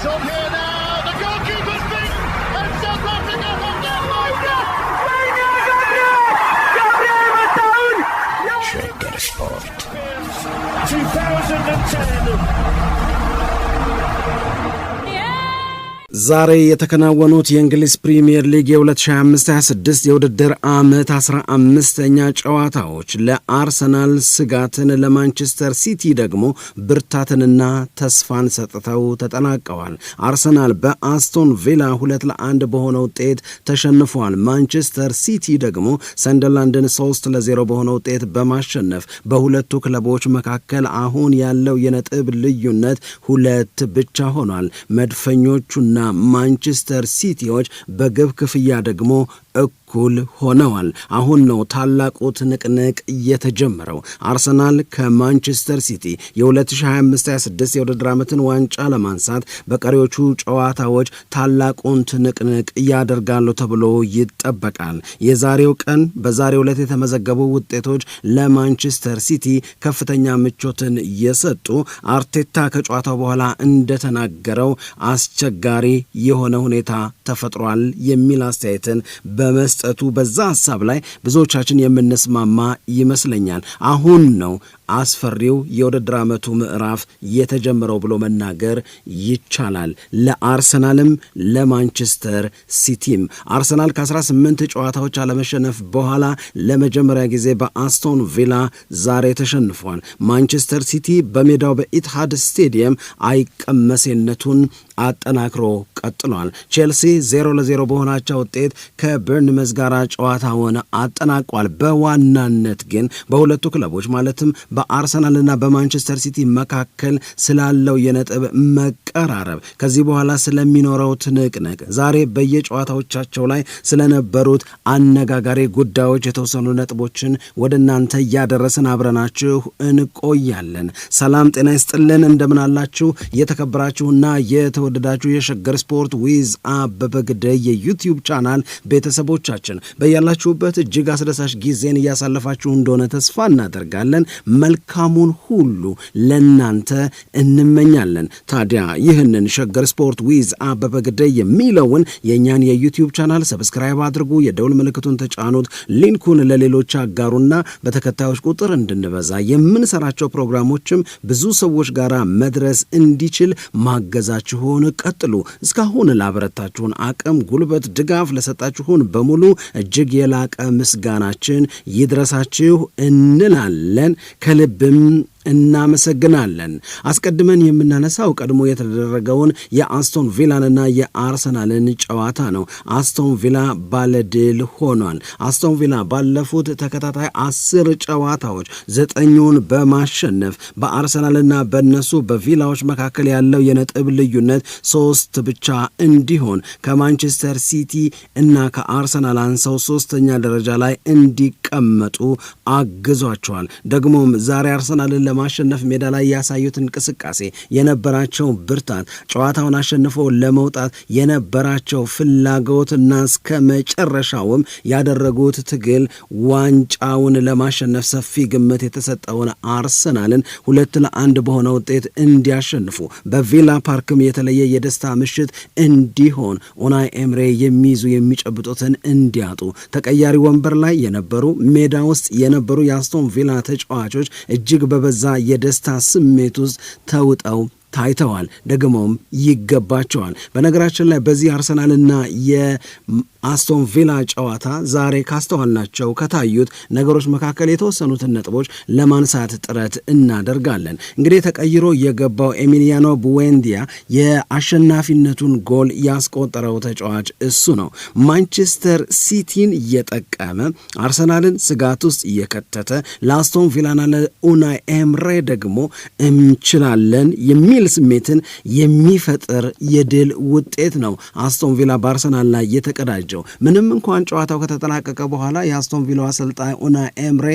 It's on here. ዛሬ የተከናወኑት የእንግሊዝ ፕሪምየር ሊግ የ2025/26 የውድድር ዓመት 15ኛ ጨዋታዎች ለአርሰናል ስጋትን ለማንቸስተር ሲቲ ደግሞ ብርታትንና ተስፋን ሰጥተው ተጠናቀዋል። አርሰናል በአስቶን ቪላ ሁለት ለአንድ በሆነ ውጤት ተሸንፏል። ማንቸስተር ሲቲ ደግሞ ሰንደርላንድን ሶስት ለዜሮ በሆነ ውጤት በማሸነፍ በሁለቱ ክለቦች መካከል አሁን ያለው የነጥብ ልዩነት ሁለት ብቻ ሆኗል። መድፈኞቹና ማንቸስተር ሲቲዎች በግብ ክፍያ ደግሞ እኩል ሆነዋል። አሁን ነው ታላቁ ትንቅንቅ የተጀመረው። አርሰናል ከማንቸስተር ሲቲ የ2025/26 የውድድር ዓመትን ዋንጫ ለማንሳት በቀሪዎቹ ጨዋታዎች ታላቁን ትንቅንቅ ያደርጋሉ ተብሎ ይጠበቃል። የዛሬው ቀን በዛሬው ዕለት የተመዘገቡ ውጤቶች ለማንቸስተር ሲቲ ከፍተኛ ምቾትን የሰጡ አርቴታ ከጨዋታው በኋላ እንደተናገረው አስቸጋሪ የሆነ ሁኔታ ተፈጥሯል የሚል አስተያየትን በመስጠቱ በዛ ሀሳብ ላይ ብዙዎቻችን የምንስማማ ይመስለኛል። አሁን ነው አስፈሪው የውድድር ዓመቱ ምዕራፍ የተጀመረው ብሎ መናገር ይቻላል። ለአርሰናልም ለማንቸስተር ሲቲም አርሰናል ከ18 ጨዋታዎች አለመሸነፍ በኋላ ለመጀመሪያ ጊዜ በአስቶን ቪላ ዛሬ ተሸንፏል። ማንቸስተር ሲቲ በሜዳው በኢትሃድ ስቴዲየም አይቀመሴነቱን አጠናክሮ ቀጥሏል። ቼልሲ 0 ለ0 በሆናቸው ውጤት ከበርንመዝ ጋር ጨዋታውን አጠናቋል። በዋናነት ግን በሁለቱ ክለቦች ማለትም በአርሰናልና በማንቸስተር ሲቲ መካከል ስላለው የነጥብ መቀራረብ፣ ከዚህ በኋላ ስለሚኖረው ትንቅንቅ፣ ዛሬ በየጨዋታዎቻቸው ላይ ስለነበሩት አነጋጋሪ ጉዳዮች የተወሰኑ ነጥቦችን ወደ እናንተ እያደረስን አብረናችሁ እንቆያለን። ሰላም ጤና ይስጥልን። እንደምናላችሁ የተከበራችሁና የተወደዳችሁ የሸገር ስፖርት ዊዝ አበበ ግደይ ቻናል ቤተሰቦቻችን በያላችሁበት እጅግ አስደሳች ጊዜን እያሳለፋችሁ እንደሆነ ተስፋ እናደርጋለን። መልካሙን ሁሉ ለእናንተ እንመኛለን። ታዲያ ይህንን ሸገር ስፖርት ዊዝ አበበ ግደይ የሚለውን የእኛን የዩቲዩብ ቻናል ሰብስክራይብ አድርጉ፣ የደውል ምልክቱን ተጫኑት፣ ሊንኩን ለሌሎች አጋሩና በተከታዮች ቁጥር እንድንበዛ የምንሰራቸው ፕሮግራሞችም ብዙ ሰዎች ጋር መድረስ እንዲችል ማገዛችሁን ቀጥሉ። እስካሁን ላበረታችሁን አቅም፣ ጉልበት፣ ድጋፍ ለሰጣችሁን በሙሉ እጅግ የላቀ ምስጋናችን ይድረሳችሁ እንላለን። ከልብም እናመሰግናለን። አስቀድመን የምናነሳው ቀድሞ የተደረገውን የአስቶን ቪላንና የአርሰናልን ጨዋታ ነው። አስቶን ቪላ ባለድል ሆኗል። አስቶን ቪላ ባለፉት ተከታታይ አስር ጨዋታዎች ዘጠኙን በማሸነፍ በአርሰናልና በነሱ በቪላዎች መካከል ያለው የነጥብ ልዩነት ሶስት ብቻ እንዲሆን ከማንቸስተር ሲቲ እና ከአርሰናል አንሰው ሶስተኛ ደረጃ ላይ እንዲቀ እንዲቀመጡ አግዟቸዋል። ደግሞም ዛሬ አርሰናልን ለማሸነፍ ሜዳ ላይ ያሳዩት እንቅስቃሴ፣ የነበራቸው ብርታት፣ ጨዋታውን አሸንፎ ለመውጣት የነበራቸው ፍላጎትና እስከ መጨረሻውም ያደረጉት ትግል ዋንጫውን ለማሸነፍ ሰፊ ግምት የተሰጠውን አርሰናልን ሁለት ለአንድ በሆነ ውጤት እንዲያሸንፉ በቪላ ፓርክም የተለየ የደስታ ምሽት እንዲሆን ኦናይ ኤምሬ የሚይዙ የሚጨብጡትን እንዲያጡ ተቀያሪ ወንበር ላይ የነበሩ ሜዳ ውስጥ የነበሩ የአስቶን ቪላ ተጫዋቾች እጅግ በበዛ የደስታ ስሜት ውስጥ ተውጠው ታይተዋል፣ ደግሞም ይገባቸዋል። በነገራችን ላይ በዚህ አርሰናልና የአስቶን ቪላ ጨዋታ ዛሬ ካስተዋልናቸው ከታዩት ነገሮች መካከል የተወሰኑትን ነጥቦች ለማንሳት ጥረት እናደርጋለን። እንግዲህ ተቀይሮ የገባው ኤሚሊያኖ ቡዌንዲያ የአሸናፊነቱን ጎል ያስቆጠረው ተጫዋች እሱ ነው። ማንቸስተር ሲቲን እየጠቀመ አርሰናልን ስጋት ውስጥ እየከተተ ለአስቶን ቪላና ለኡናይ ኤምሬ ደግሞ እንችላለን የሚ የሚል ስሜትን የሚፈጥር የድል ውጤት ነው አስቶን ቪላ በአርሰናል ላይ የተቀዳጀው። ምንም እንኳን ጨዋታው ከተጠናቀቀ በኋላ የአስቶን ቪላ አሰልጣኝ ኡና ኤምሬ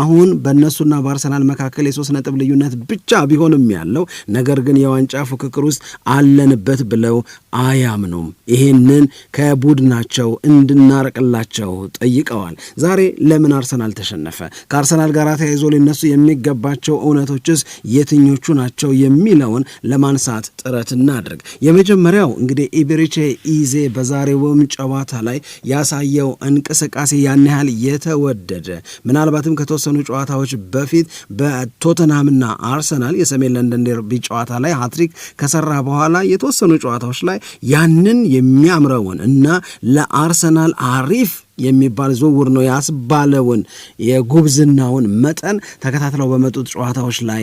አሁን በእነሱና በአርሰናል መካከል የሶስት ነጥብ ልዩነት ብቻ ቢሆንም ያለው ነገር ግን የዋንጫ ፉክክር ውስጥ አለንበት ብለው አያምኑም። ይሄንን ከቡድናቸው እንድናርቅላቸው ጠይቀዋል። ዛሬ ለምን አርሰናል ተሸነፈ? ከአርሰናል ጋር ተያይዞ ሊነሱ የሚገባቸው እውነቶችስ የትኞቹ ናቸው? የሚለውን ለማንሳት ጥረት እናድርግ። የመጀመሪያው እንግዲህ ኢቤሪቼ ኢዜ በዛሬውም ጨዋታ ላይ ያሳየው እንቅስቃሴ ያን ያህል የተወደደ ምናልባትም ከተወሰኑ ጨዋታዎች በፊት በቶተናምና አርሰናል የሰሜን ለንደን ደርቢ ጨዋታ ላይ ሀትሪክ ከሰራ በኋላ የተወሰኑ ጨዋታዎች ላይ ያንን የሚያምረውን እና ለአርሰናል አሪፍ የሚባል ዝውውር ነው ያስባለውን የጉብዝናውን መጠን ተከታትለው በመጡት ጨዋታዎች ላይ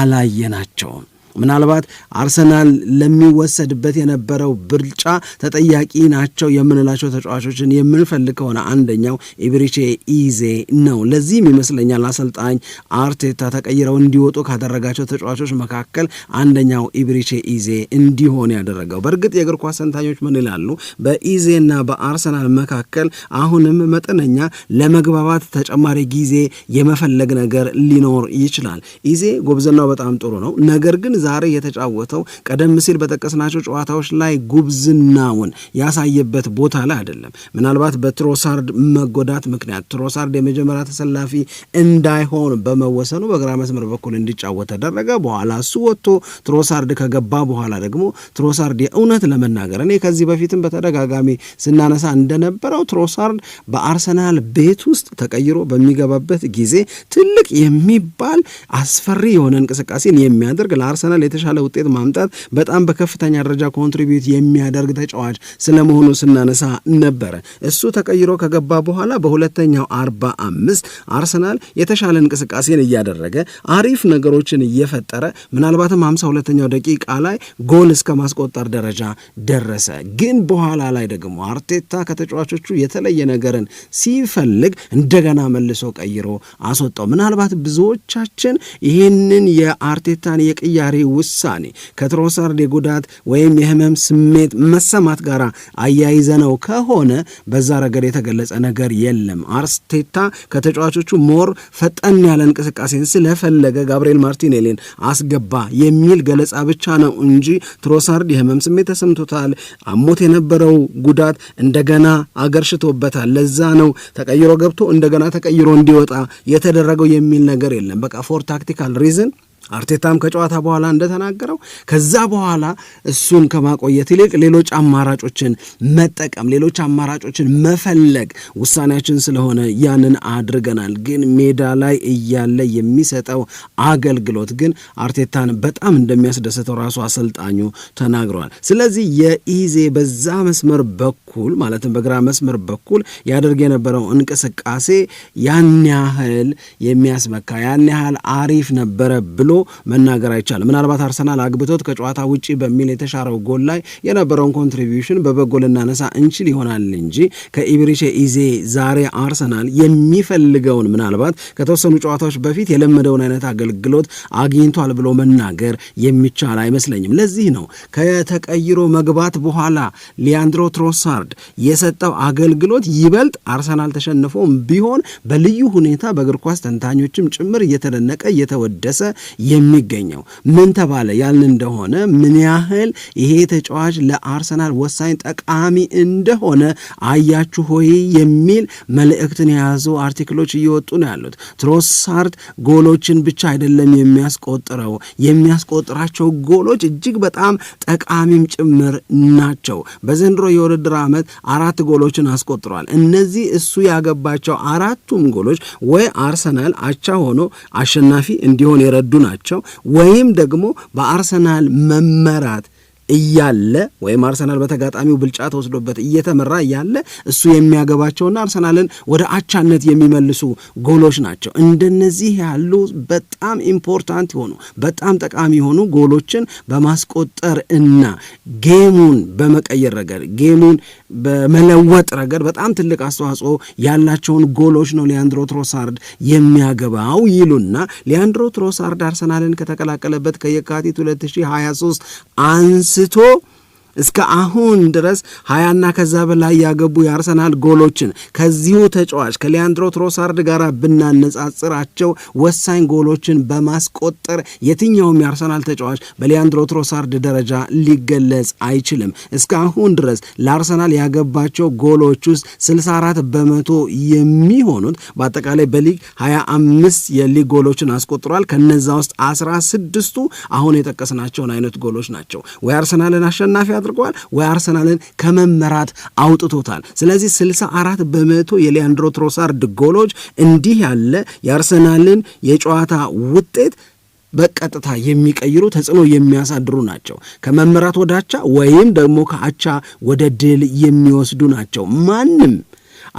አላየናቸውም። ምናልባት አርሰናል ለሚወሰድበት የነበረው ብልጫ ተጠያቂ ናቸው የምንላቸው ተጫዋቾችን የምንፈልግ ከሆነ አንደኛው ኢብሪቼ ኢዜ ነው። ለዚህም ይመስለኛል አሰልጣኝ አርቴታ ተቀይረው እንዲወጡ ካደረጋቸው ተጫዋቾች መካከል አንደኛው ኢብሪቼ ኢዜ እንዲሆን ያደረገው። በእርግጥ የእግር ኳስ ተንታኞች ምን ይላሉ? በኢዜና በአርሰናል መካከል አሁንም መጠነኛ ለመግባባት ተጨማሪ ጊዜ የመፈለግ ነገር ሊኖር ይችላል። ኢዜ ጎብዝናው በጣም ጥሩ ነው፣ ነገር ግን ዛሬ የተጫወተው ቀደም ሲል በጠቀስናቸው ጨዋታዎች ላይ ጉብዝናውን ያሳየበት ቦታ ላይ አይደለም። ምናልባት በትሮሳርድ መጎዳት ምክንያት ትሮሳርድ የመጀመሪያ ተሰላፊ እንዳይሆን በመወሰኑ በግራ መስመር በኩል እንዲጫወት ተደረገ። በኋላ እሱ ወጥቶ ትሮሳርድ ከገባ በኋላ ደግሞ ትሮሳርድ የእውነት ለመናገር እኔ ከዚህ በፊትም በተደጋጋሚ ስናነሳ እንደነበረው ትሮሳርድ በአርሰናል ቤት ውስጥ ተቀይሮ በሚገባበት ጊዜ ትልቅ የሚባል አስፈሪ የሆነ እንቅስቃሴን የሚያደርግ ለአርሰናል ለአርሰናል የተሻለ ውጤት ማምጣት በጣም በከፍተኛ ደረጃ ኮንትሪቢዩት የሚያደርግ ተጫዋች ስለመሆኑ ስናነሳ ነበረ። እሱ ተቀይሮ ከገባ በኋላ በሁለተኛው አርባ አምስት አርሰናል የተሻለ እንቅስቃሴን እያደረገ አሪፍ ነገሮችን እየፈጠረ ምናልባትም ሀምሳ ሁለተኛው ደቂቃ ላይ ጎል እስከ ማስቆጠር ደረጃ ደረሰ። ግን በኋላ ላይ ደግሞ አርቴታ ከተጫዋቾቹ የተለየ ነገርን ሲፈልግ እንደገና መልሶ ቀይሮ አስወጣው። ምናልባት ብዙዎቻችን ይህንን የአርቴታን የቅያሬ ውሳኔ ከትሮሳርድ የጉዳት ወይም የህመም ስሜት መሰማት ጋር አያይዘ ነው ከሆነ በዛ ረገድ የተገለጸ ነገር የለም። አርስቴታ ከተጫዋቾቹ ሞር ፈጠን ያለ እንቅስቃሴን ስለፈለገ ጋብርኤል ማርቲኔሊን አስገባ የሚል ገለጻ ብቻ ነው እንጂ ትሮሳርድ የህመም ስሜት ተሰምቶታል፣ አሞት የነበረው ጉዳት እንደገና አገርሽቶበታል፣ ለዛ ነው ተቀይሮ ገብቶ እንደገና ተቀይሮ እንዲወጣ የተደረገው የሚል ነገር የለም። በቃ ፎር ታክቲካል ሪዝን አርቴታም ከጨዋታ በኋላ እንደተናገረው ከዛ በኋላ እሱን ከማቆየት ይልቅ ሌሎች አማራጮችን መጠቀም፣ ሌሎች አማራጮችን መፈለግ ውሳኔያችን ስለሆነ ያንን አድርገናል። ግን ሜዳ ላይ እያለ የሚሰጠው አገልግሎት ግን አርቴታን በጣም እንደሚያስደስተው ራሱ አሰልጣኙ ተናግረዋል። ስለዚህ የኢዜ በዛ መስመር በኩል ማለትም በግራ መስመር በኩል ያደርግ የነበረው እንቅስቃሴ ያን ያህል የሚያስመካ ያን ያህል አሪፍ ነበረ ብሎ መናገር አይቻልም። ምናልባት አርሰናል አግብቶት ከጨዋታ ውጪ በሚል የተሻረው ጎል ላይ የነበረውን ኮንትሪቢዩሽን በበጎ ልናነሳ እንችል ይሆናል እንጂ ከኢብሪቼ ኢዜ ዛሬ አርሰናል የሚፈልገውን ምናልባት ከተወሰኑ ጨዋታዎች በፊት የለመደውን አይነት አገልግሎት አግኝቷል ብሎ መናገር የሚቻል አይመስለኝም። ለዚህ ነው ከተቀይሮ መግባት በኋላ ሊያንድሮ ትሮሳርድ የሰጠው አገልግሎት ይበልጥ አርሰናል ተሸንፎ ቢሆን በልዩ ሁኔታ በእግር ኳስ ተንታኞችም ጭምር እየተደነቀ እየተወደሰ የሚገኘው። ምን ተባለ ያልን እንደሆነ ምን ያህል ይሄ ተጫዋች ለአርሰናል ወሳኝ ጠቃሚ እንደሆነ አያችሁ ሆይ የሚል መልእክትን የያዙ አርቲክሎች እየወጡ ነው ያሉት። ትሮሳርድ ጎሎችን ብቻ አይደለም የሚያስቆጥረው፣ የሚያስቆጥራቸው ጎሎች እጅግ በጣም ጠቃሚም ጭምር ናቸው። በዘንድሮ የውድድር ዓመት አራት ጎሎችን አስቆጥሯል። እነዚህ እሱ ያገባቸው አራቱም ጎሎች ወይ አርሰናል አቻ ሆኖ አሸናፊ እንዲሆን የረዱ ናቸው ያላቸው ወይም ደግሞ በአርሰናል መመራት እያለ ወይም አርሰናል በተጋጣሚው ብልጫ ተወስዶበት እየተመራ እያለ እሱ የሚያገባቸውና አርሰናልን ወደ አቻነት የሚመልሱ ጎሎች ናቸው። እንደነዚህ ያሉ በጣም ኢምፖርታንት የሆኑ በጣም ጠቃሚ የሆኑ ጎሎችን በማስቆጠር እና ጌሙን በመቀየር ረገድ ጌሙን በመለወጥ ረገድ በጣም ትልቅ አስተዋጽኦ ያላቸውን ጎሎች ነው ሊያንድሮ ትሮሳርድ የሚያገባው ይሉና ሊያንድሮ ትሮሳርድ አርሰናልን ከተቀላቀለበት ከየካቲት 2023 አንስቶ እስከ አሁን ድረስ ሀያና ከዛ በላይ ያገቡ የአርሰናል ጎሎችን ከዚሁ ተጫዋች ከሊያንድሮ ትሮሳርድ ጋር ብናነጻጽራቸው ወሳኝ ጎሎችን በማስቆጠር የትኛውም የአርሰናል ተጫዋች በሊያንድሮ ትሮሳርድ ደረጃ ሊገለጽ አይችልም። እስከ አሁን ድረስ ለአርሰናል ያገባቸው ጎሎች ውስጥ 64 በመቶ የሚሆኑት በአጠቃላይ በሊግ 25 የሊግ ጎሎችን አስቆጥሯል። ከነዛ ውስጥ አስራ ስድስቱ አሁን የጠቀስናቸውን አይነት ጎሎች ናቸው። ወይ አርሰናልን አሸናፊ አድርገዋል ወይ አርሰናልን ከመመራት አውጥቶታል። ስለዚህ 64 በመቶ የሊያንድሮ ትሮሳርድ ጎሎች እንዲህ ያለ የአርሰናልን የጨዋታ ውጤት በቀጥታ የሚቀይሩ ተጽዕኖ የሚያሳድሩ ናቸው። ከመመራት ወደ አቻ ወይም ደግሞ ከአቻ ወደ ድል የሚወስዱ ናቸው። ማንም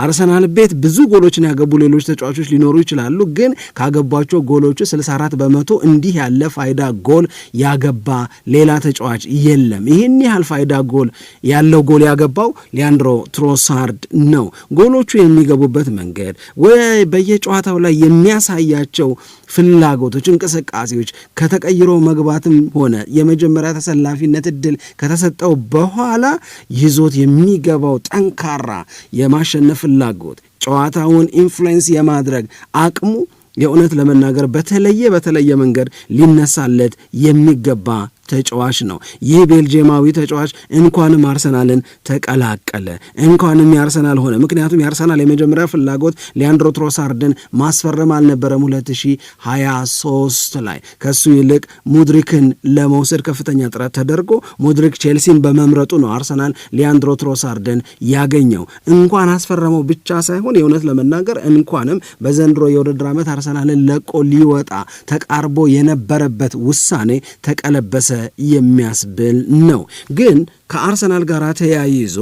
አርሰናል ቤት ብዙ ጎሎችን ያገቡ ሌሎች ተጫዋቾች ሊኖሩ ይችላሉ፣ ግን ካገቧቸው ጎሎቹ 64 በመቶ እንዲህ ያለ ፋይዳ ጎል ያገባ ሌላ ተጫዋች የለም። ይህን ያህል ፋይዳ ጎል ያለው ጎል ያገባው ሊያንድሮ ትሮሳርድ ነው። ጎሎቹ የሚገቡበት መንገድ ወይ በየጨዋታው ላይ የሚያሳያቸው ፍላጎቶች፣ እንቅስቃሴዎች ከተቀይሮ መግባትም ሆነ የመጀመሪያ ተሰላፊነት እድል ከተሰጠው በኋላ ይዞት የሚገባው ጠንካራ የማሸነፍ ፍላጎት ጨዋታውን ኢንፍሉዌንስ የማድረግ አቅሙ የእውነት ለመናገር በተለየ በተለየ መንገድ ሊነሳለት የሚገባ ተጫዋች ነው። ይህ ቤልጅየማዊ ተጫዋች እንኳንም አርሰናልን ተቀላቀለ፣ እንኳንም የአርሰናል ሆነ። ምክንያቱም የአርሰናል የመጀመሪያ ፍላጎት ሊያንድሮ ትሮሳርድን ማስፈረም አልነበረም 2023 ላይ ከሱ ይልቅ ሙድሪክን ለመውሰድ ከፍተኛ ጥረት ተደርጎ ሙድሪክ ቼልሲን በመምረጡ ነው አርሰናል ሊያንድሮ ትሮሳርድን ያገኘው። እንኳን አስፈረመው ብቻ ሳይሆን የእውነት ለመናገር እንኳንም በዘንድሮ የውድድር ዓመት አርሰናልን ለቆ ሊወጣ ተቃርቦ የነበረበት ውሳኔ ተቀለበሰ የሚያስብል ነው ግን ከአርሰናል ጋር ተያይዞ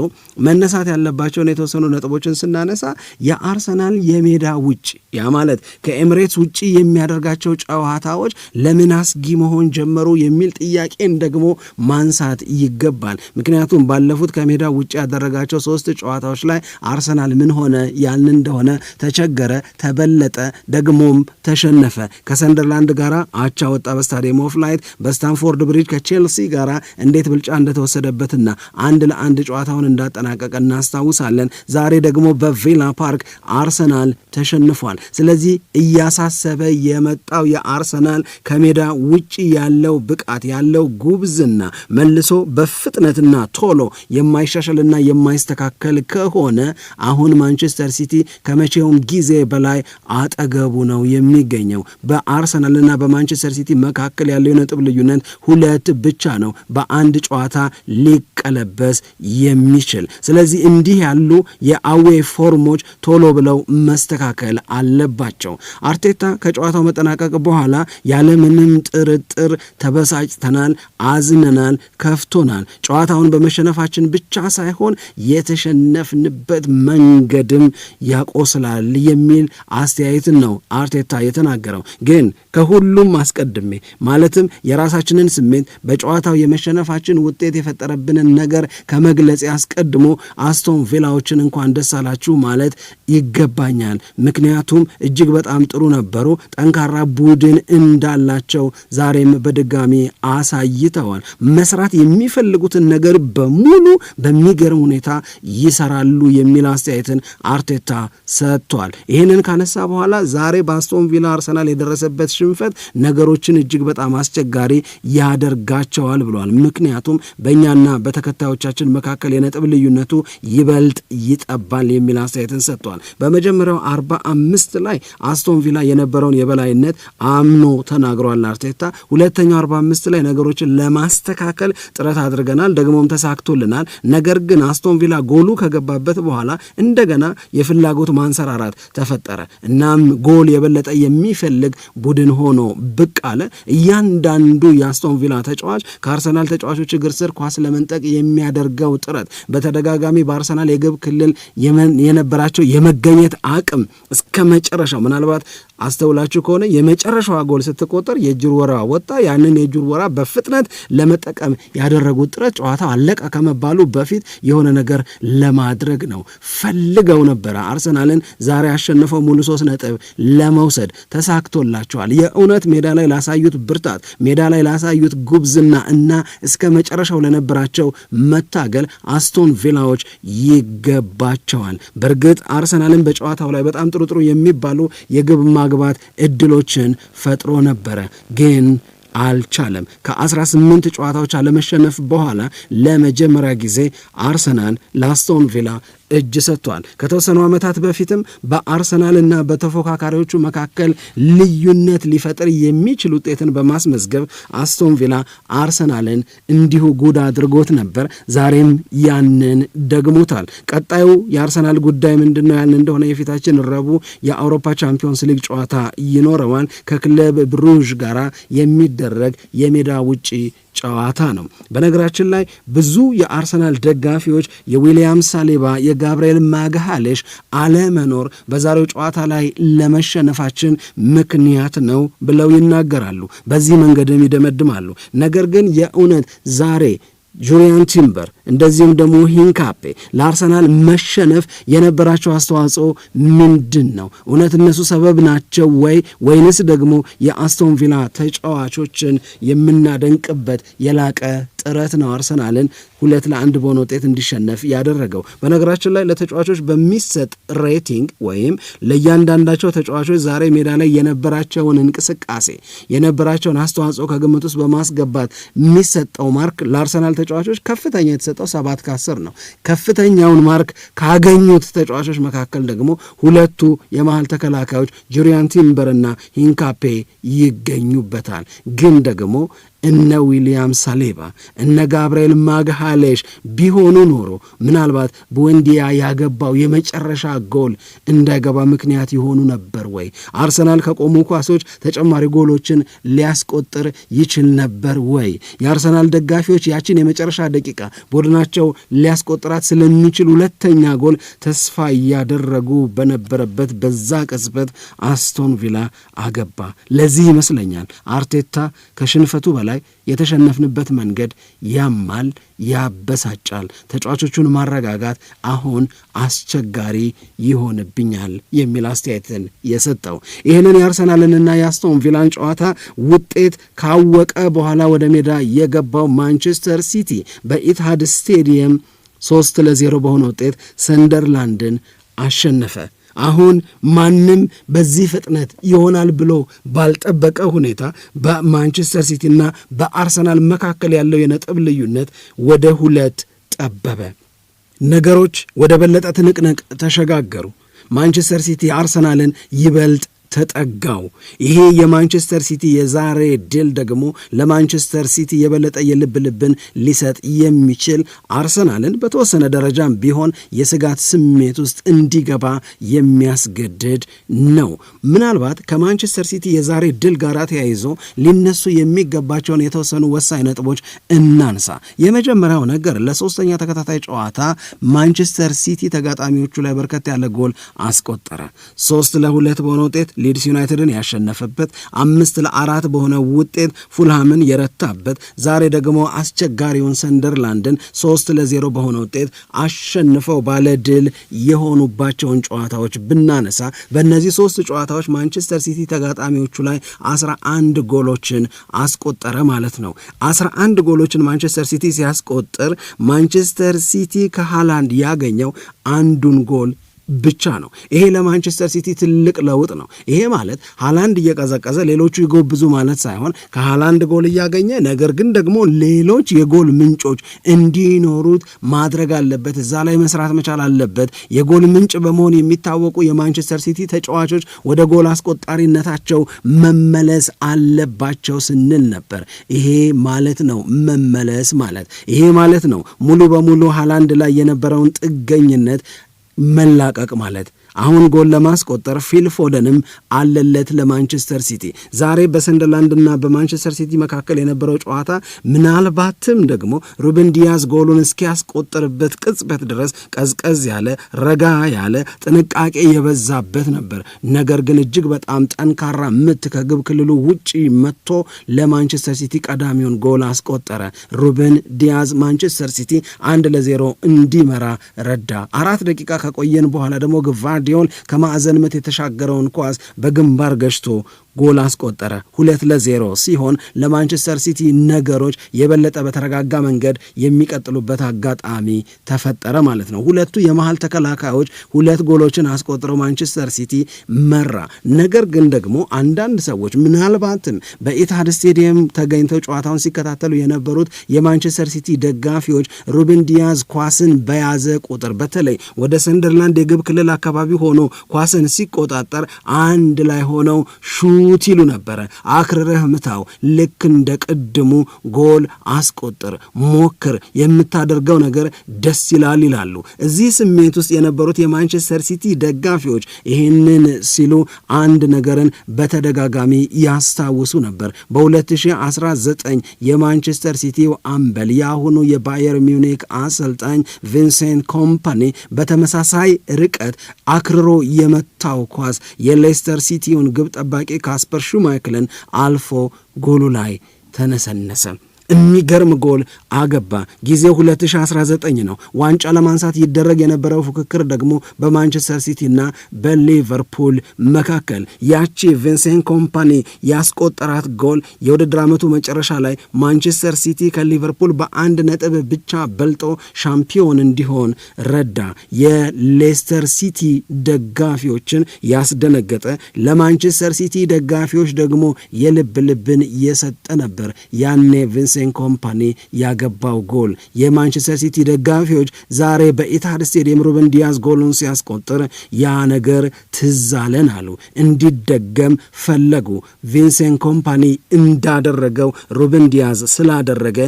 መነሳት ያለባቸውን የተወሰኑ ነጥቦችን ስናነሳ የአርሰናል የሜዳ ውጭ ያ ማለት ከኤምሬትስ ውጭ የሚያደርጋቸው ጨዋታዎች ለምን አስጊ መሆን ጀመሩ የሚል ጥያቄን ደግሞ ማንሳት ይገባል። ምክንያቱም ባለፉት ከሜዳ ውጭ ያደረጋቸው ሶስት ጨዋታዎች ላይ አርሰናል ምን ሆነ ያልን እንደሆነ ተቸገረ፣ ተበለጠ፣ ደግሞም ተሸነፈ። ከሰንደርላንድ ጋር አቻ ወጣ በስታዲየም ኦፍ ላይት፣ በስታንፎርድ ብሪጅ ከቼልሲ ጋር እንዴት ብልጫ እንደተወሰደበት ትናንትና አንድ ለአንድ ጨዋታውን እንዳጠናቀቀ እናስታውሳለን። ዛሬ ደግሞ በቪላ ፓርክ አርሰናል ተሸንፏል። ስለዚህ እያሳሰበ የመጣው የአርሰናል ከሜዳ ውጭ ያለው ብቃት ያለው ጉብዝና መልሶ በፍጥነትና ቶሎ የማይሻሻልና የማይስተካከል ከሆነ አሁን ማንቸስተር ሲቲ ከመቼውም ጊዜ በላይ አጠገቡ ነው የሚገኘው። በአርሰናልና በማንቸስተር ሲቲ መካከል ያለው የነጥብ ልዩነት ሁለት ብቻ ነው። በአንድ ጨዋታ ሊግ ሊቀለበስ የሚችል ስለዚህ እንዲህ ያሉ የአዌ ፎርሞች ቶሎ ብለው መስተካከል አለባቸው። አርቴታ ከጨዋታው መጠናቀቅ በኋላ ያለምንም ጥርጥር ተበሳጭተናል፣ አዝነናል፣ ከፍቶናል። ጨዋታውን በመሸነፋችን ብቻ ሳይሆን የተሸነፍንበት መንገድም ያቆስላል የሚል አስተያየትን ነው አርቴታ የተናገረው። ግን ከሁሉም አስቀድሜ ማለትም የራሳችንን ስሜት በጨዋታው የመሸነፋችን ውጤት የፈጠረብን ያለብንን ነገር ከመግለጽ ያስቀድሞ አስቶን ቪላዎችን እንኳን ደስ አላችሁ ማለት ይገባኛል። ምክንያቱም እጅግ በጣም ጥሩ ነበሩ። ጠንካራ ቡድን እንዳላቸው ዛሬም በድጋሚ አሳይተዋል። መስራት የሚፈልጉትን ነገር በሙሉ በሚገርም ሁኔታ ይሰራሉ የሚል አስተያየትን አርቴታ ሰጥቷል። ይህንን ካነሳ በኋላ ዛሬ በአስቶን ቪላ አርሰናል የደረሰበት ሽንፈት ነገሮችን እጅግ በጣም አስቸጋሪ ያደርጋቸዋል ብለዋል። ምክንያቱም በእኛና በተከታዮቻችን መካከል የነጥብ ልዩነቱ ይበልጥ ይጠባል የሚል አስተያየትን ሰጥቷል። በመጀመሪያው አርባ አምስት ላይ አስቶን ቪላ የነበረውን የበላይነት አምኖ ተናግሯል አርቴታ። ሁለተኛው አርባ አምስት ላይ ነገሮችን ለማስተካከል ጥረት አድርገናል፣ ደግሞም ተሳክቶልናል። ነገር ግን አስቶን ቪላ ጎሉ ከገባበት በኋላ እንደገና የፍላጎት ማንሰራራት ተፈጠረ። እናም ጎል የበለጠ የሚፈልግ ቡድን ሆኖ ብቅ አለ። እያንዳንዱ የአስቶን ቪላ ተጫዋች ከአርሰናል ተጫዋቾች እግር ስር ኳስ ለመን ለመንጠቅ የሚያደርገው ጥረት በተደጋጋሚ በአርሰናል የግብ ክልል የነበራቸው የመገኘት አቅም እስከ መጨረሻው ምናልባት አስተውላችሁ ከሆነ የመጨረሻዋ ጎል ስትቆጠር የእጅር ወራ ወጣ። ያንን የእጅር ወራ በፍጥነት ለመጠቀም ያደረጉት ጥረት ጨዋታው አለቀ ከመባሉ በፊት የሆነ ነገር ለማድረግ ነው። ፈልገው ነበረ አርሰናልን ዛሬ ያሸነፈው ሙሉ ሶስት ነጥብ ለመውሰድ ተሳክቶላቸዋል። የእውነት ሜዳ ላይ ላሳዩት ብርታት፣ ሜዳ ላይ ላሳዩት ጉብዝና እና እስከ መጨረሻው ለነበራቸው መታገል አስቶን ቪላዎች ይገባቸዋል። በእርግጥ አርሰናልን በጨዋታው ላይ በጣም ጥሩ ጥሩ የሚባሉ የግብ ለማግባት እድሎችን ፈጥሮ ነበረ ግን አልቻለም። ከ18 ጨዋታዎች አለመሸነፍ በኋላ ለመጀመሪያ ጊዜ አርሰናል ለአስቶን ቪላ እጅ ሰጥቷል። ከተወሰኑ ዓመታት በፊትም በአርሰናልና በተፎካካሪዎቹ መካከል ልዩነት ሊፈጥር የሚችል ውጤትን በማስመዝገብ አስቶን ቪላ አርሰናልን እንዲሁ ጉድ አድርጎት ነበር። ዛሬም ያንን ደግሞታል። ቀጣዩ የአርሰናል ጉዳይ ምንድን ነው ያልን እንደሆነ የፊታችን ረቡዕ የአውሮፓ ቻምፒዮንስ ሊግ ጨዋታ ይኖረዋል ከክለብ ብሩዥ ጋራ የሚደረግ የሜዳ ውጪ ጨዋታ ነው። በነገራችን ላይ ብዙ የአርሰናል ደጋፊዎች የዊሊያም ሳሌባ የጋብርኤል ማግሃሌሽ አለመኖር በዛሬው ጨዋታ ላይ ለመሸነፋችን ምክንያት ነው ብለው ይናገራሉ። በዚህ መንገድም ይደመድማሉ። ነገር ግን የእውነት ዛሬ ጁሪያን ቲምበር እንደዚሁም ደግሞ ሂንካፔ ለአርሰናል መሸነፍ የነበራቸው አስተዋጽኦ ምንድን ነው? እውነት እነሱ ሰበብ ናቸው ወይ ወይንስ ደግሞ የአስቶን ቪላ ተጫዋቾችን የምናደንቅበት የላቀ ጥረት ነው አርሰናልን ሁለት ለአንድ በሆነ ውጤት እንዲሸነፍ ያደረገው። በነገራችን ላይ ለተጫዋቾች በሚሰጥ ሬቲንግ ወይም ለእያንዳንዳቸው ተጫዋቾች ዛሬ ሜዳ ላይ የነበራቸውን እንቅስቃሴ የነበራቸውን አስተዋጽኦ ከግምት ውስጥ በማስገባት የሚሰጠው ማርክ ለአርሰናል ተጫዋቾች ከፍተኛ የተሰጠው ሰባት ከአስር ነው። ከፍተኛውን ማርክ ካገኙት ተጫዋቾች መካከል ደግሞ ሁለቱ የመሀል ተከላካዮች ጁሪያን ቲምበር ሂንካፔ ይገኙበታል ግን ደግሞ እነ ዊልያም ሳሌባ እነ ጋብርኤል ማግሃሌሽ ቢሆኑ ኖሮ ምናልባት በወንዲያ ያገባው የመጨረሻ ጎል እንዳይገባ ምክንያት የሆኑ ነበር ወይ? አርሰናል ከቆሙ ኳሶች ተጨማሪ ጎሎችን ሊያስቆጥር ይችል ነበር ወይ? የአርሰናል ደጋፊዎች ያችን የመጨረሻ ደቂቃ ቡድናቸው ሊያስቆጥራት ስለሚችል ሁለተኛ ጎል ተስፋ እያደረጉ በነበረበት በዛ ቅጽበት አስቶን ቪላ አገባ። ለዚህ ይመስለኛል አርቴታ ከሽንፈቱ በላይ በላይ የተሸነፍንበት መንገድ ያማል፣ ያበሳጫል። ተጫዋቾቹን ማረጋጋት አሁን አስቸጋሪ ይሆንብኛል የሚል አስተያየትን የሰጠው ይህንን የአርሰናልንና የአስቶን ቪላን ጨዋታ ውጤት ካወቀ በኋላ ወደ ሜዳ የገባው ማንቸስተር ሲቲ በኢትሃድ ስቴዲየም ሶስት ለዜሮ በሆነ ውጤት ሰንደርላንድን አሸነፈ። አሁን ማንም በዚህ ፍጥነት ይሆናል ብሎ ባልጠበቀ ሁኔታ በማንቸስተር ሲቲና በአርሰናል መካከል ያለው የነጥብ ልዩነት ወደ ሁለት ጠበበ። ነገሮች ወደ በለጠ ትንቅንቅ ተሸጋገሩ። ማንቸስተር ሲቲ አርሰናልን ይበልጥ ተጠጋው። ይሄ የማንቸስተር ሲቲ የዛሬ ድል ደግሞ ለማንቸስተር ሲቲ የበለጠ የልብ ልብን ሊሰጥ የሚችል አርሰናልን በተወሰነ ደረጃም ቢሆን የስጋት ስሜት ውስጥ እንዲገባ የሚያስገድድ ነው። ምናልባት ከማንቸስተር ሲቲ የዛሬ ድል ጋር ተያይዞ ሊነሱ የሚገባቸውን የተወሰኑ ወሳኝ ነጥቦች እናንሳ። የመጀመሪያው ነገር ለሶስተኛ ተከታታይ ጨዋታ ማንቸስተር ሲቲ ተጋጣሚዎቹ ላይ በርከት ያለ ጎል አስቆጠረ። ሶስት ለሁለት በሆነ ውጤት ሊድስ ዩናይትድን ያሸነፈበት፣ አምስት ለአራት በሆነ ውጤት ፉልሃምን የረታበት፣ ዛሬ ደግሞ አስቸጋሪውን ሰንደርላንድን ሶስት ለዜሮ በሆነ ውጤት አሸንፈው ባለ ድል የሆኑባቸውን ጨዋታዎች ብናነሳ በእነዚህ ሶስት ጨዋታዎች ማንቸስተር ሲቲ ተጋጣሚዎቹ ላይ አስራ አንድ ጎሎችን አስቆጠረ ማለት ነው። አስራ አንድ ጎሎችን ማንቸስተር ሲቲ ሲያስቆጥር ማንቸስተር ሲቲ ከሃላንድ ያገኘው አንዱን ጎል ብቻ ነው። ይሄ ለማንቸስተር ሲቲ ትልቅ ለውጥ ነው። ይሄ ማለት ሃላንድ እየቀዘቀዘ ሌሎቹ ይጎብዙ ማለት ሳይሆን ከሃላንድ ጎል እያገኘ ነገር ግን ደግሞ ሌሎች የጎል ምንጮች እንዲኖሩት ማድረግ አለበት። እዛ ላይ መስራት መቻል አለበት። የጎል ምንጭ በመሆን የሚታወቁ የማንቸስተር ሲቲ ተጫዋቾች ወደ ጎል አስቆጣሪነታቸው መመለስ አለባቸው ስንል ነበር። ይሄ ማለት ነው መመለስ ማለት ይሄ ማለት ነው ሙሉ በሙሉ ሃላንድ ላይ የነበረውን ጥገኝነት መላቀቅ ማለት አሁን ጎል ለማስቆጠር ፊል ፎደንም አለለት ለማንቸስተር ሲቲ። ዛሬ በሰንደርላንድና በማንቸስተር ሲቲ መካከል የነበረው ጨዋታ ምናልባትም ደግሞ ሩብን ዲያዝ ጎሉን እስኪያስቆጠርበት ቅጽበት ድረስ ቀዝቀዝ ያለ ረጋ ያለ ጥንቃቄ የበዛበት ነበር። ነገር ግን እጅግ በጣም ጠንካራ ምት ከግብ ክልሉ ውጪ መጥቶ ለማንቸስተር ሲቲ ቀዳሚውን ጎል አስቆጠረ። ሩብን ዲያዝ ማንቸስተር ሲቲ አንድ ለዜሮ እንዲመራ ረዳ። አራት ደቂቃ ከቆየን በኋላ ደግሞ ግቫ ጓርዲዮል ከማዕዘን ምት የተሻገረውን ኳስ በግንባር ገጭቶ ጎል አስቆጠረ። ሁለት ለዜሮ ሲሆን ለማንቸስተር ሲቲ ነገሮች የበለጠ በተረጋጋ መንገድ የሚቀጥሉበት አጋጣሚ ተፈጠረ ማለት ነው። ሁለቱ የመሀል ተከላካዮች ሁለት ጎሎችን አስቆጥረው ማንቸስተር ሲቲ መራ። ነገር ግን ደግሞ አንዳንድ ሰዎች ምናልባትም በኢታድ ስቴዲየም ተገኝተው ጨዋታውን ሲከታተሉ የነበሩት የማንቸስተር ሲቲ ደጋፊዎች ሩብን ዲያዝ ኳስን በያዘ ቁጥር በተለይ ወደ ሰንደርላንድ የግብ ክልል አካባቢ አካባቢ ሆኖ ኳስን ሲቆጣጠር አንድ ላይ ሆነው ሹት ይሉ ነበረ። አክርረህ ምታው፣ ልክ እንደ ቅድሙ ጎል አስቆጥር፣ ሞክር፣ የምታደርገው ነገር ደስ ይላል ይላሉ። እዚህ ስሜት ውስጥ የነበሩት የማንቸስተር ሲቲ ደጋፊዎች ይህንን ሲሉ አንድ ነገርን በተደጋጋሚ ያስታውሱ ነበር። በ2019 የማንቸስተር ሲቲው አምበል የአሁኑ የባየር ሚውኒክ አሰልጣኝ ቪንሴንት ኮምፓኒ በተመሳሳይ ርቀት አክርሮ የመታው ኳስ የሌስተር ሲቲውን ግብ ጠባቂ ካስፐር ሹማይክልን አልፎ ጎሉ ላይ ተነሰነሰ። የሚገርም ጎል አገባ። ጊዜው 2019 ነው። ዋንጫ ለማንሳት ይደረግ የነበረው ፉክክር ደግሞ በማንቸስተር ሲቲና በሊቨርፑል መካከል ያቺ ቪንሴንት ኮምፓኒ ያስቆጠራት ጎል የውድድር ዓመቱ መጨረሻ ላይ ማንቸስተር ሲቲ ከሊቨርፑል በአንድ ነጥብ ብቻ በልጦ ሻምፒዮን እንዲሆን ረዳ። የሌስተር ሲቲ ደጋፊዎችን ያስደነገጠ፣ ለማንቸስተር ሲቲ ደጋፊዎች ደግሞ የልብ ልብን የሰጠ ነበር ያኔ ቪንሴንት ሴን ኮምፓኒ ያገባው ጎል የማንቸስተር ሲቲ ደጋፊዎች ዛሬ በኢታድ ስቴዲየም ሩበን ዲያዝ ጎሉን ሲያስቆጥር ያ ነገር ትዝ አለን አሉ። እንዲደገም ፈለጉ። ቪንሴንት ኮምፓኒ እንዳደረገው ሩበን ዲያዝ ስላደረገ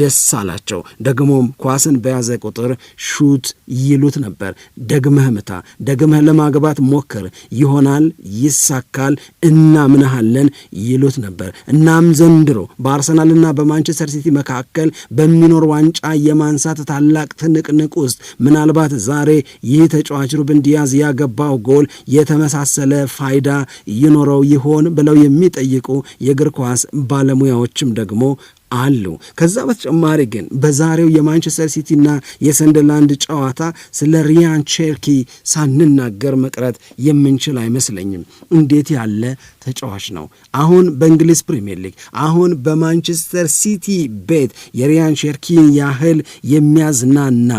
ደስ አላቸው። ደግሞም ኳስን በያዘ ቁጥር ሹት ይሉት ነበር። ደግመህ ምታ፣ ደግመህ ለማግባት ሞክር፣ ይሆናል፣ ይሳካል፣ እናምንሃለን ይሉት ነበር። እናም ዘንድሮ በአርሰናልና በማንቸስተር ከማንቸስተር ሲቲ መካከል በሚኖር ዋንጫ የማንሳት ታላቅ ትንቅንቅ ውስጥ ምናልባት ዛሬ ይህ ተጫዋች ሩብን ዲያዝ ያገባው ጎል የተመሳሰለ ፋይዳ ይኖረው ይሆን ብለው የሚጠይቁ የእግር ኳስ ባለሙያዎችም ደግሞ አሉ። ከዛ በተጨማሪ ግን በዛሬው የማንቸስተር ሲቲና የሰንደርላንድ ጨዋታ ስለ ሪያን ቸርኪ ሳንናገር መቅረት የምንችል አይመስለኝም። እንዴት ያለ ተጫዋች ነው! አሁን በእንግሊዝ ፕሪምየር ሊግ አሁን በማንቸስተር ሲቲ ቤት የሪያን ቸርኪን ያህል የሚያዝናና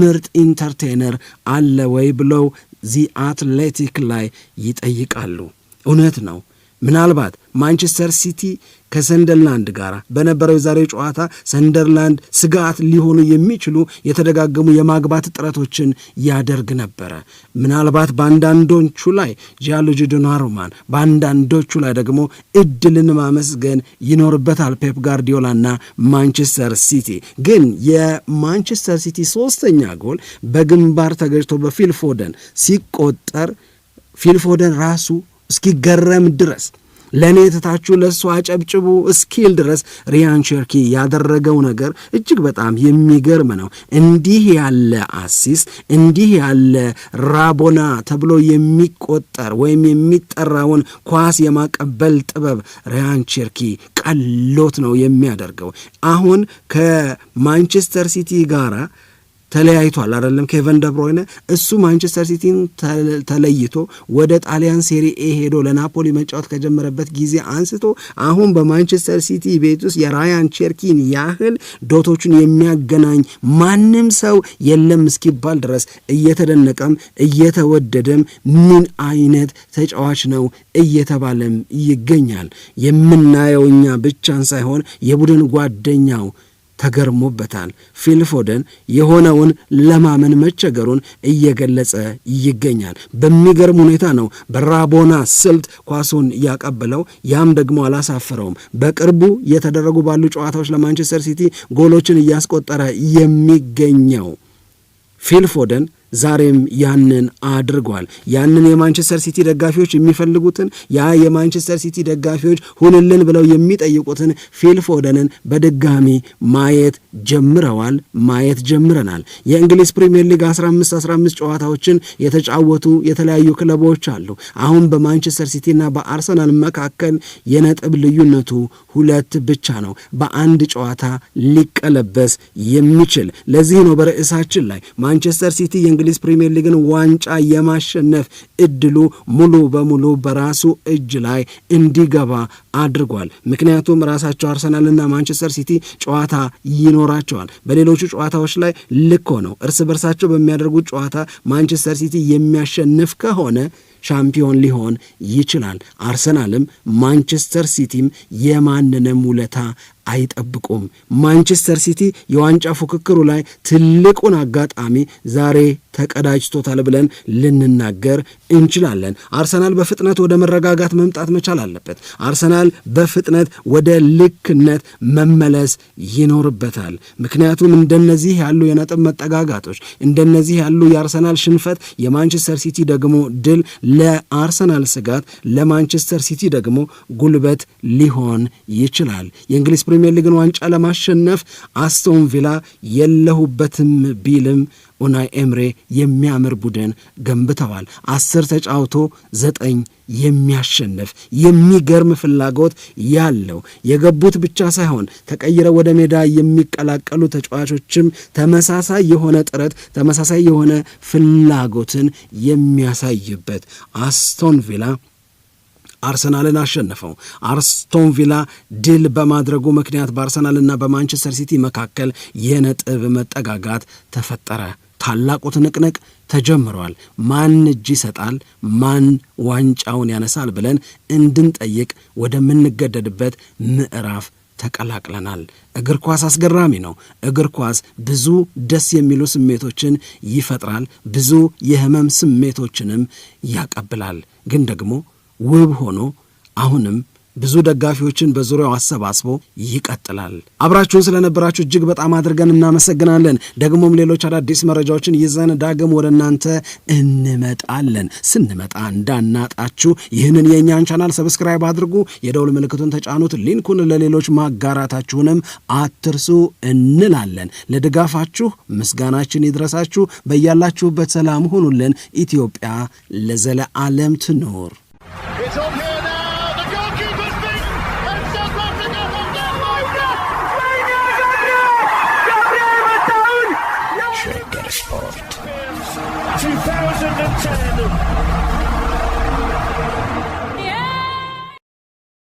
ምርጥ ኢንተርቴነር አለ ወይ ብለው ዚ አትሌቲክ ላይ ይጠይቃሉ። እውነት ነው። ምናልባት ማንቸስተር ሲቲ ከሰንደርላንድ ጋር በነበረው የዛሬው ጨዋታ ሰንደርላንድ ስጋት ሊሆኑ የሚችሉ የተደጋገሙ የማግባት ጥረቶችን ያደርግ ነበረ። ምናልባት በአንዳንዶቹ ላይ ጂያንሉጂ ዶናሩማን፣ በአንዳንዶቹ ላይ ደግሞ እድልን ማመስገን ይኖርበታል ፔፕ ጋርዲዮላና ማንቸስተር ሲቲ። ግን የማንቸስተር ሲቲ ሶስተኛ ጎል በግንባር ተገጭቶ በፊልፎደን ሲቆጠር ፊልፎደን ራሱ እስኪገረም ድረስ ለእኔ ትታችሁ ለእሱ አጨብጭቡ እስኪል ድረስ ሪያን ቸርኪ ያደረገው ነገር እጅግ በጣም የሚገርም ነው። እንዲህ ያለ አሲስት፣ እንዲህ ያለ ራቦና ተብሎ የሚቆጠር ወይም የሚጠራውን ኳስ የማቀበል ጥበብ ሪያን ቸርኪ ቀሎት ነው የሚያደርገው። አሁን ከማንቸስተር ሲቲ ጋራ ተለያይቷል አይደለም ኬቨን ደብሮይነ እሱ ማንቸስተር ሲቲን ተለይቶ ወደ ጣሊያን ሴሪኤ ሄዶ ለናፖሊ መጫወት ከጀመረበት ጊዜ አንስቶ አሁን በማንቸስተር ሲቲ ቤት ውስጥ የራያን ቸርኪን ያህል ዶቶቹን የሚያገናኝ ማንም ሰው የለም እስኪባል ድረስ እየተደነቀም እየተወደደም ምን አይነት ተጫዋች ነው እየተባለም ይገኛል። የምናየው እኛ ብቻን ሳይሆን የቡድን ጓደኛው ተገርሞበታል። ፊልፎደን የሆነውን ለማመን መቸገሩን እየገለጸ ይገኛል። በሚገርም ሁኔታ ነው በራቦና ስልት ኳሱን ያቀበለው። ያም ደግሞ አላሳፈረውም። በቅርቡ የተደረጉ ባሉ ጨዋታዎች ለማንቸስተር ሲቲ ጎሎችን እያስቆጠረ የሚገኘው ፊልፎደን ዛሬም ያንን አድርጓል። ያንን የማንቸስተር ሲቲ ደጋፊዎች የሚፈልጉትን ያ የማንቸስተር ሲቲ ደጋፊዎች ሁንልን ብለው የሚጠይቁትን ፊል ፎደንን በድጋሚ ማየት ጀምረዋል፣ ማየት ጀምረናል። የእንግሊዝ ፕሪምየር ሊግ 15 15 ጨዋታዎችን የተጫወቱ የተለያዩ ክለቦች አሉ። አሁን በማንቸስተር ሲቲና በአርሰናል መካከል የነጥብ ልዩነቱ ሁለት ብቻ ነው፣ በአንድ ጨዋታ ሊቀለበስ የሚችል ለዚህ ነው በርዕሳችን ላይ ማንቸስተር ሲቲ የእንግሊዝ ፕሪምየር ሊግን ዋንጫ የማሸነፍ እድሉ ሙሉ በሙሉ በራሱ እጅ ላይ እንዲገባ አድርጓል። ምክንያቱም ራሳቸው አርሰናልና ማንቸስተር ሲቲ ጨዋታ ይኖራቸዋል። በሌሎቹ ጨዋታዎች ላይ ልክ ሆነው እርስ በርሳቸው በሚያደርጉት ጨዋታ ማንቸስተር ሲቲ የሚያሸንፍ ከሆነ ሻምፒዮን ሊሆን ይችላል። አርሰናልም ማንቸስተር ሲቲም የማንንም ውለታ አይጠብቁም። ማንቸስተር ሲቲ የዋንጫ ፉክክሩ ላይ ትልቁን አጋጣሚ ዛሬ ተቀዳጅቶታል ብለን ልንናገር እንችላለን። አርሰናል በፍጥነት ወደ መረጋጋት መምጣት መቻል አለበት። አርሰናል በፍጥነት ወደ ልክነት መመለስ ይኖርበታል። ምክንያቱም እንደነዚህ ያሉ የነጥብ መጠጋጋቶች፣ እንደነዚህ ያሉ የአርሰናል ሽንፈት፣ የማንቸስተር ሲቲ ደግሞ ድል ለአርሰናል ስጋት፣ ለማንቸስተር ሲቲ ደግሞ ጉልበት ሊሆን ይችላል። የእንግሊዝ ፕሪምየር ሊግን ዋንጫ ለማሸነፍ አስቶን ቪላ የለሁበትም ቢልም ኡናይ ኤምሬ የሚያምር ቡድን ገንብተዋል። አስር ተጫውቶ ዘጠኝ የሚያሸንፍ የሚገርም ፍላጎት ያለው የገቡት ብቻ ሳይሆን ተቀይረው ወደ ሜዳ የሚቀላቀሉ ተጫዋቾችም ተመሳሳይ የሆነ ጥረት ተመሳሳይ የሆነ ፍላጎትን የሚያሳይበት አስቶን ቪላ አርሰናልን አሸነፈው። አርስቶን ቪላ ድል በማድረጉ ምክንያት በአርሰናልና በማንቸስተር ሲቲ መካከል የነጥብ መጠጋጋት ተፈጠረ። ታላቁ ትንቅንቅ ተጀምሯል ማን እጅ ይሰጣል፣ ማን ዋንጫውን ያነሳል ብለን እንድንጠይቅ ወደምንገደድበት ምዕራፍ ተቀላቅለናል። እግር ኳስ አስገራሚ ነው። እግር ኳስ ብዙ ደስ የሚሉ ስሜቶችን ይፈጥራል፣ ብዙ የህመም ስሜቶችንም ያቀብላል። ግን ደግሞ ውብ ሆኖ አሁንም ብዙ ደጋፊዎችን በዙሪያው አሰባስቦ ይቀጥላል። አብራችሁን ስለነበራችሁ እጅግ በጣም አድርገን እናመሰግናለን። ደግሞም ሌሎች አዳዲስ መረጃዎችን ይዘን ዳግም ወደ እናንተ እንመጣለን። ስንመጣ እንዳናጣችሁ ይህንን የእኛን ቻናል ሰብስክራይብ አድርጉ፣ የደውል ምልክቱን ተጫኑት፣ ሊንኩን ለሌሎች ማጋራታችሁንም አትርሱ እንላለን። ለድጋፋችሁ ምስጋናችን ይድረሳችሁ። በያላችሁበት ሰላም ሁኑልን። ኢትዮጵያ ለዘለዓለም ትኖር።